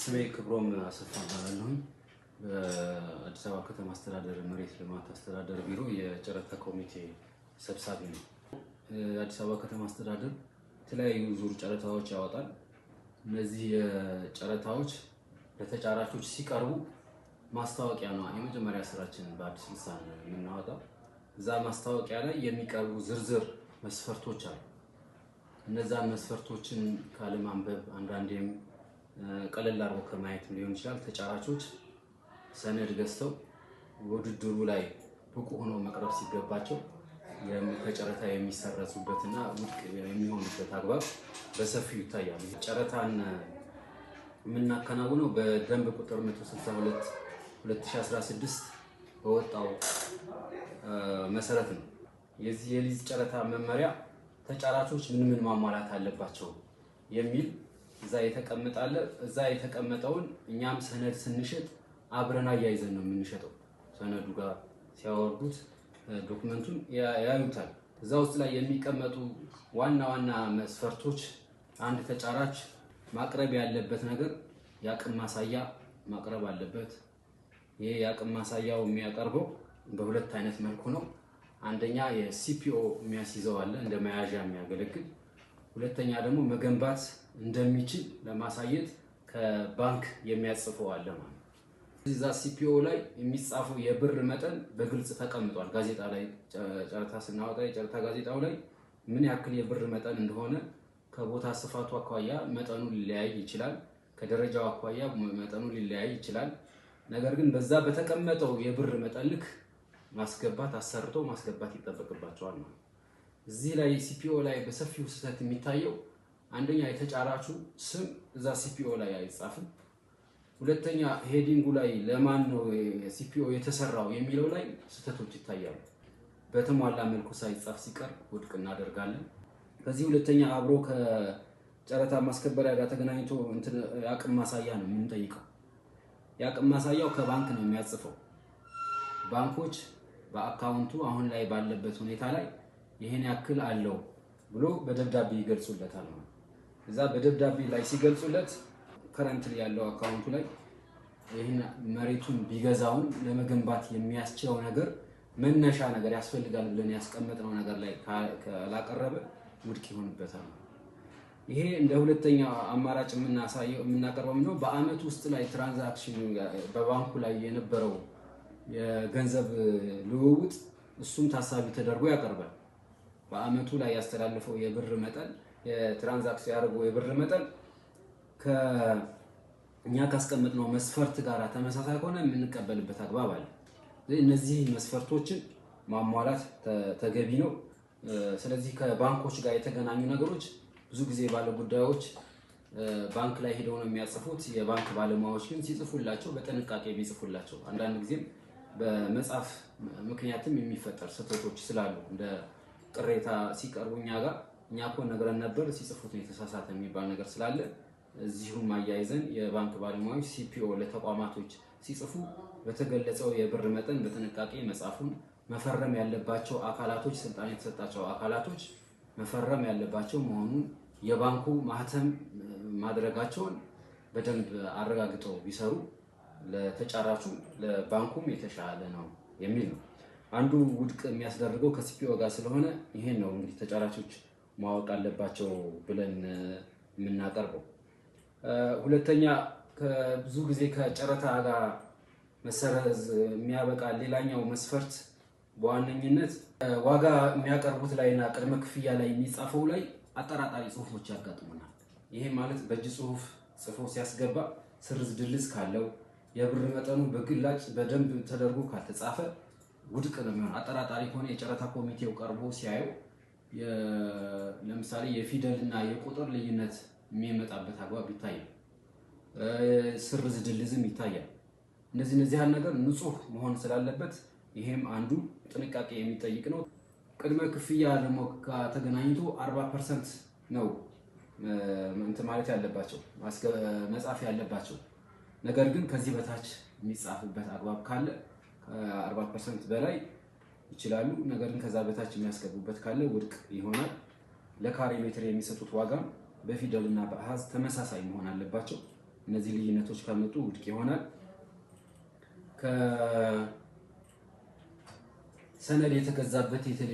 ስሜ ክብሮም አሰፋ እባላለሁኝ። በአዲስ አበባ ከተማ አስተዳደር መሬት ልማት አስተዳደር ቢሮ የጨረታ ኮሚቴ ሰብሳቢ ነው። አዲስ አበባ ከተማ አስተዳደር የተለያዩ ዙር ጨረታዎች ያወጣል። እነዚህ ጨረታዎች ለተጫራቾች ሲቀርቡ ማስታወቂያ ነው የመጀመሪያ ስራችን በአዲስ ልሳን የምናወጣው። እዛ ማስታወቂያ ላይ የሚቀርቡ ዝርዝር መስፈርቶች አሉ። እነዛን መስፈርቶችን ካለማንበብ አንዳንዴም ቀለል አድርጎ ከማየት ሊሆን ይችላል። ተጫራቾች ሰነድ ገዝተው ውድድሩ ላይ ብቁ ሆኖ መቅረብ ሲገባቸው ከጨረታ የሚሰረዙበትና ውድቅ የሚሆኑበት አግባብ በሰፊው ይታያል። ጨረታን የምናከናውነው በደንብ ቁጥር 162 2016 በወጣው መሰረት ነው። የዚህ የሊዝ ጨረታ መመሪያ ተጫራቾች ምን ምን ማሟላት አለባቸው የሚል እዛ የተቀመጣለ እዛ የተቀመጠውን እኛም ሰነድ ስንሸጥ አብረን አያይዘን ነው የምንሸጠው። ሰነዱ ጋር ሲያወርዱት ዶክመንቱን ያዩታል። እዛ ውስጥ ላይ የሚቀመጡ ዋና ዋና መስፈርቶች አንድ ተጫራች ማቅረብ ያለበት ነገር የአቅም ማሳያ ማቅረብ አለበት። ይሄ የአቅም ማሳያው የሚያቀርበው በሁለት አይነት መልኩ ነው። አንደኛ የሲፒኦ የሚያስይዘው አለ እንደ መያዣ የሚያገለግል ሁለተኛ ደግሞ መገንባት እንደሚችል ለማሳየት ከባንክ የሚያጽፈው አለ ማለት እዛ ሲፒኦ ላይ የሚጻፈው የብር መጠን በግልጽ ተቀምጧል። ጋዜጣ ላይ ጨረታ ስናወጣ የጨረታ ጋዜጣው ላይ ምን ያክል የብር መጠን እንደሆነ ከቦታ ስፋቱ አኳያ መጠኑ ሊለያይ ይችላል። ከደረጃው አኳያ መጠኑ ሊለያይ ይችላል። ነገር ግን በዛ በተቀመጠው የብር መጠን ልክ ማስገባት አሰርቶ ማስገባት ይጠበቅባቸዋል ማለት እዚህ ላይ ሲፒኦ ላይ በሰፊው ስህተት የሚታየው አንደኛ የተጫራቹ ስም እዛ ሲፒኦ ላይ አይጻፍም። ሁለተኛ ሄዲንጉ ላይ ለማን ነው ሲፒኦ የተሰራው የሚለው ላይ ስህተቶች ይታያሉ። በተሟላ መልኩ ሳይጻፍ ሲቀር ውድቅ እናደርጋለን። ከዚህ ሁለተኛ አብሮ ከጨረታ ማስከበሪያ ጋር ተገናኝቶ የአቅም ማሳያ ነው የምንጠይቀው። የአቅም ማሳያው ከባንክ ነው የሚያጽፈው። ባንኮች በአካውንቱ አሁን ላይ ባለበት ሁኔታ ላይ ይሄን ያክል አለው ብሎ በደብዳቤ ይገልጹለታል ማለት እዛ በደብዳቤ ላይ ሲገልጹለት ከረንት ያለው አካውንቱ ላይ ይህን መሬቱን ቢገዛውን ለመገንባት የሚያስችለው ነገር መነሻ ነገር ያስፈልጋል ብለን ያስቀመጥነው ነገር ላይ ካላቀረበ ውድቅ ይሆንበታል። ይሄ እንደ ሁለተኛ አማራጭ የምናሳየው የምናቀርበው ነው። በአመት ውስጥ ላይ ትራንዛክሽን በባንኩ ላይ የነበረው የገንዘብ ልውውጥ እሱም ታሳቢ ተደርጎ ያቀርባል። በአመቱ ላይ ያስተላልፈው የብር መጠን የትራንዛክሽን ያደርገው የብር መጠን ከእኛ ካስቀመጥነው መስፈርት ጋር ተመሳሳይ ከሆነ የምንቀበልበት አግባብ አለ። እነዚህ መስፈርቶችን ማሟላት ተገቢ ነው። ስለዚህ ከባንኮች ጋር የተገናኙ ነገሮች ብዙ ጊዜ ባለጉዳዮች ባንክ ላይ ሄደው ነው የሚያጽፉት። የባንክ ባለሙያዎች ግን ሲጽፉላቸው በጥንቃቄ ቢጽፉላቸው አንዳንድ ጊዜም በመጻፍ ምክንያትም የሚፈጠር ስህተቶች ስላሉ እንደ ቅሬታ ሲቀርቡ እኛ ጋር እኛ እኮ ነግረን ነበር ሲጽፉት የተሳሳተ የሚባል ነገር ስላለ እዚሁም አያይዘን የባንክ ባለሙያዎች ሲፒኦ ለተቋማቶች ሲጽፉ በተገለጸው የብር መጠን በጥንቃቄ መጻፉን መፈረም ያለባቸው አካላቶች ስልጣን የተሰጣቸው አካላቶች መፈረም ያለባቸው መሆኑን የባንኩ ማህተም ማድረጋቸውን በደንብ አረጋግጠው ቢሰሩ ለተጫራቹ ለባንኩም የተሻለ ነው የሚል ነው። አንዱ ውድቅ የሚያስደርገው ከሲፒኦ ጋር ስለሆነ ይሄን ነው እንግዲህ ተጫራቾች ማወቅ አለባቸው ብለን የምናቀርበው። ሁለተኛ ብዙ ጊዜ ከጨረታ ጋር መሰረዝ የሚያበቃ ሌላኛው መስፈርት በዋነኝነት ዋጋ የሚያቀርቡት ላይና ቅድመ ክፍያ ላይ የሚጻፈው ላይ አጠራጣሪ ጽሁፎች ያጋጥሙናል። ይሄ ማለት በእጅ ጽሁፍ ጽፎ ሲያስገባ ስርዝ ድልዝ ካለው የብር መጠኑ በግላጭ በደንብ ተደርጎ ካልተጻፈ ውድቅ ነው የሚሆን። አጠራጣሪ ሆነ። የጨረታ ኮሚቴው ቀርቦ ሲያየው ለምሳሌ የፊደልና የቁጥር ልዩነት የሚመጣበት አግባብ ይታያል። ስርዝ ድልዝም ይታያል። እነዚህ እነዚህ ያህል ነገር ንጹህ መሆን ስላለበት ይሄም አንዱ ጥንቃቄ የሚጠይቅ ነው። ቅድመ ክፍያ ደግሞ ተገናኝቶ 40 ፐርሰንት ነው እንትን ማለት ያለባቸው መጻፍ ያለባቸው ነገር ግን ከዚህ በታች የሚጻፍበት አግባብ ካለ ከአርባ ፐርሰንት በላይ ይችላሉ። ነገር ግን ከዛ በታች የሚያስገቡበት ካለ ውድቅ ይሆናል። ለካሬ ሜትር የሚሰጡት ዋጋም በፊደልና በአሃዝ ተመሳሳይ መሆን አለባቸው። እነዚህ ልዩነቶች ካመጡ ውድቅ ይሆናል። ከሰነድ የተገዛበት የቴሌ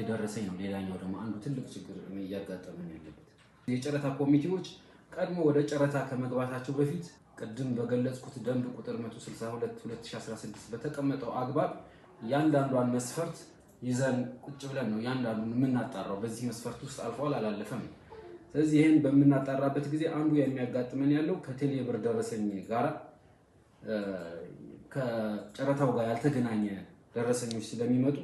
ነው። ሌላኛው ደግሞ አንዱ ትልቅ ችግር እያጋጠመን ያለበት የጨረታ ኮሚቴዎች ቀድሞ ወደ ጨረታ ከመግባታቸው በፊት ቅድም በገለጽኩት ደንብ ቁጥር 162 2016 በተቀመጠው አግባብ እያንዳንዷን መስፈርት ይዘን ቁጭ ብለን ነው እያንዳንዱን የምናጣራው። በዚህ መስፈርት ውስጥ አልፏል አላለፈም። ስለዚህ ይህን በምናጣራበት ጊዜ አንዱ የሚያጋጥመን ያለው ከቴሌ ብር ደረሰኝ ጋር ከጨረታው ጋር ያልተገናኘ ደረሰኞች ስለሚመጡ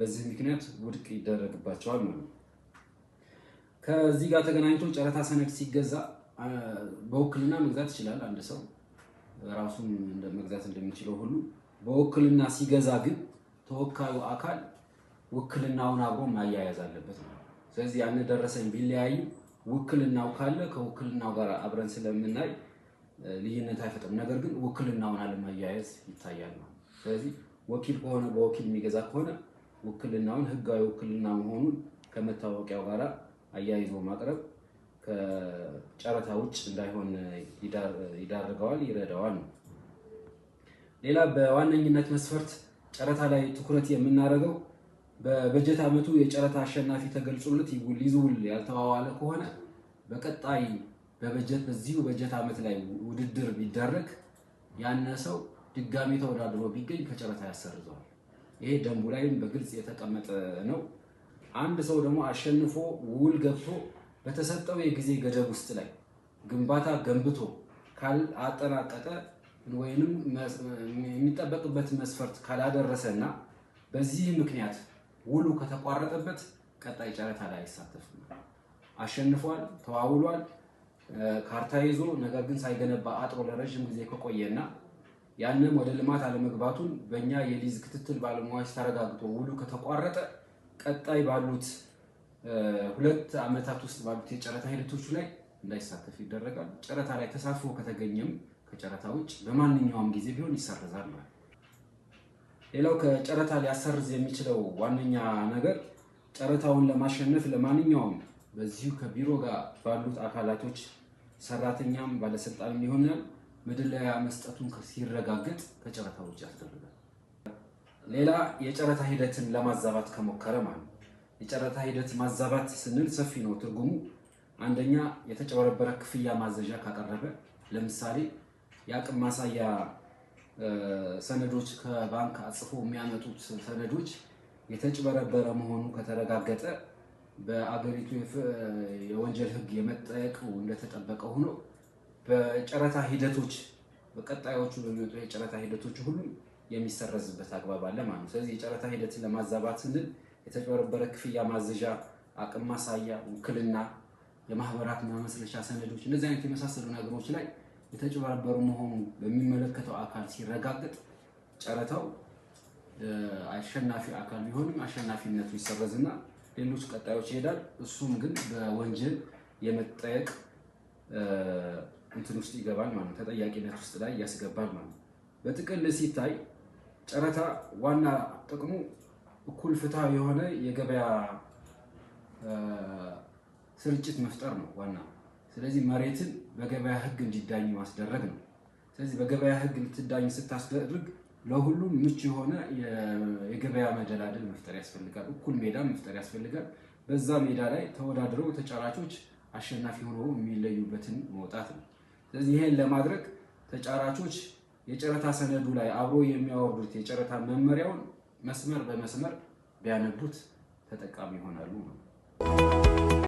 በዚህ ምክንያት ውድቅ ይደረግባቸዋል ማለት ነው። ከዚህ ጋር ተገናኝቶ ጨረታ ሰነድ ሲገዛ በውክልና መግዛት ይችላል አንድ ሰው ራሱን መግዛት እንደሚችለው ሁሉ በውክልና ሲገዛ ግን ተወካዩ አካል ውክልናውን አብሮ ማያያዝ አለበት ነው። ስለዚህ ያን ደረሰኝ ቢለያዩ ውክልናው ካለ ከውክልናው ጋር አብረን ስለምናይ ልዩነት አይፈጥም። ነገር ግን ውክልናውን አለማያያዝ ይታያል ነው። ስለዚህ ወኪል ከሆነ በወኪል የሚገዛ ከሆነ ውክልናውን ህጋዊ ውክልና መሆኑን ከመታወቂያው ጋር አያይዞ ማቅረብ ከጨረታ ውጭ እንዳይሆን ይዳርገዋል፣ ይረዳዋል ነው። ሌላ በዋነኝነት መስፈርት ጨረታ ላይ ትኩረት የምናደርገው በበጀት ዓመቱ የጨረታ አሸናፊ ተገልጾለት ሊዝውል ያልተዋዋለ ከሆነ በቀጣይ በበጀት በዚሁ በጀት ዓመት ላይ ውድድር ቢደረግ ያነ ሰው ድጋሚ ተወዳድሮ ቢገኝ ከጨረታ ያሰርዘዋል። ይሄ ደንቡ ላይም በግልጽ የተቀመጠ ነው። አንድ ሰው ደግሞ አሸንፎ ውል ገብቶ በተሰጠው የጊዜ ገደብ ውስጥ ላይ ግንባታ ገንብቶ ካላጠናቀቀ ወይንም የሚጠበቅበት መስፈርት ካላደረሰና በዚህ ምክንያት ውሉ ከተቋረጠበት ቀጣይ ጨረታ ላይ አይሳተፍም። አሸንፏል፣ ተዋውሏል፣ ካርታ ይዞ ነገር ግን ሳይገነባ አጥሮ ለረዥም ጊዜ ከቆየና ያንም ወደ ልማት አለመግባቱን በእኛ የሊዝ ክትትል ባለሙያዎች ተረጋግጦ ውሉ ከተቋረጠ ቀጣይ ባሉት ሁለት ዓመታት ውስጥ ባሉት የጨረታ ሂደቶቹ ላይ እንዳይሳተፍ ይደረጋል። ጨረታ ላይ ተሳትፎ ከተገኘም ከጨረታ ውጭ በማንኛውም ጊዜ ቢሆን ማለት ሌላው ከጨረታ ሊያሰርዝ የሚችለው ዋነኛ ነገር ጨረታውን ለማሸነፍ ለማንኛውም በዚሁ ከቢሮ ጋር ባሉት አካላቶች ሰራተኛም ባለስልጣንም ይሆናል መደለያ መስጠቱን ሲረጋገጥ ከጨረታ ውጭ ያስደርጋል። ሌላ የጨረታ ሂደትን ለማዛባት ከሞከረ ማለት ነው። የጨረታ ሂደት ማዛባት ስንል ሰፊ ነው ትርጉሙ። አንደኛ የተጨበረበረ ክፍያ ማዘዣ ካቀረበ፣ ለምሳሌ የአቅም ማሳያ ሰነዶች ከባንክ አጽፎ የሚያመጡት ሰነዶች የተጭበረበረ መሆኑ ከተረጋገጠ በአገሪቱ የወንጀል ሕግ የመጠየቅ እንደተጠበቀ ሆኖ በጨረታ ሂደቶች በቀጣዮቹ በሚወጡ የጨረታ ሂደቶች ሁሉ የሚሰረዝበት አግባብ አለ ማለት ነው። ስለዚህ የጨረታ ሂደትን ለማዛባት ስንል የተጭበረበረ ክፍያ ማዘዣ፣ አቅም ማሳያ፣ ውክልና፣ የማህበራት ማመስለሻ ሰነዶች፣ እነዚህ አይነት የመሳሰሉ ነገሮች ላይ የተጭበረበሩ መሆኑ በሚመለከተው አካል ሲረጋገጥ ጨረታው አሸናፊ አካል ቢሆንም አሸናፊነቱ ይሰረዝና ሌሎች ቀጣዮች ይሄዳል። እሱም ግን በወንጀል የመጠየቅ እንትን ውስጥ ይገባል ማለት ነው። ተጠያቂነት ውስጥ ላይ ያስገባል ማለት ነው። በጥቅል ሲታይ ጨረታ ዋና ጥቅሙ እኩል ፍትሃዊ የሆነ የገበያ ስርጭት መፍጠር ነው ዋና። ስለዚህ መሬትን በገበያ ህግ እንዲዳኝ ማስደረግ ነው። ስለዚህ በገበያ ህግ ልትዳኝ ስታስደርግ ለሁሉም ምቹ የሆነ የገበያ መደላደል መፍጠር ያስፈልጋል። እኩል ሜዳ መፍጠር ያስፈልጋል። በዛ ሜዳ ላይ ተወዳድረው ተጫራቾች አሸናፊ ሆነው የሚለዩበትን መውጣት ነው። ስለዚህ ይሄን ለማድረግ ተጫራቾች የጨረታ ሰነዱ ላይ አብሮ የሚያወርዱት የጨረታ መመሪያውን መስመር በመስመር ቢያነቡት ተጠቃሚ ይሆናሉ ነው።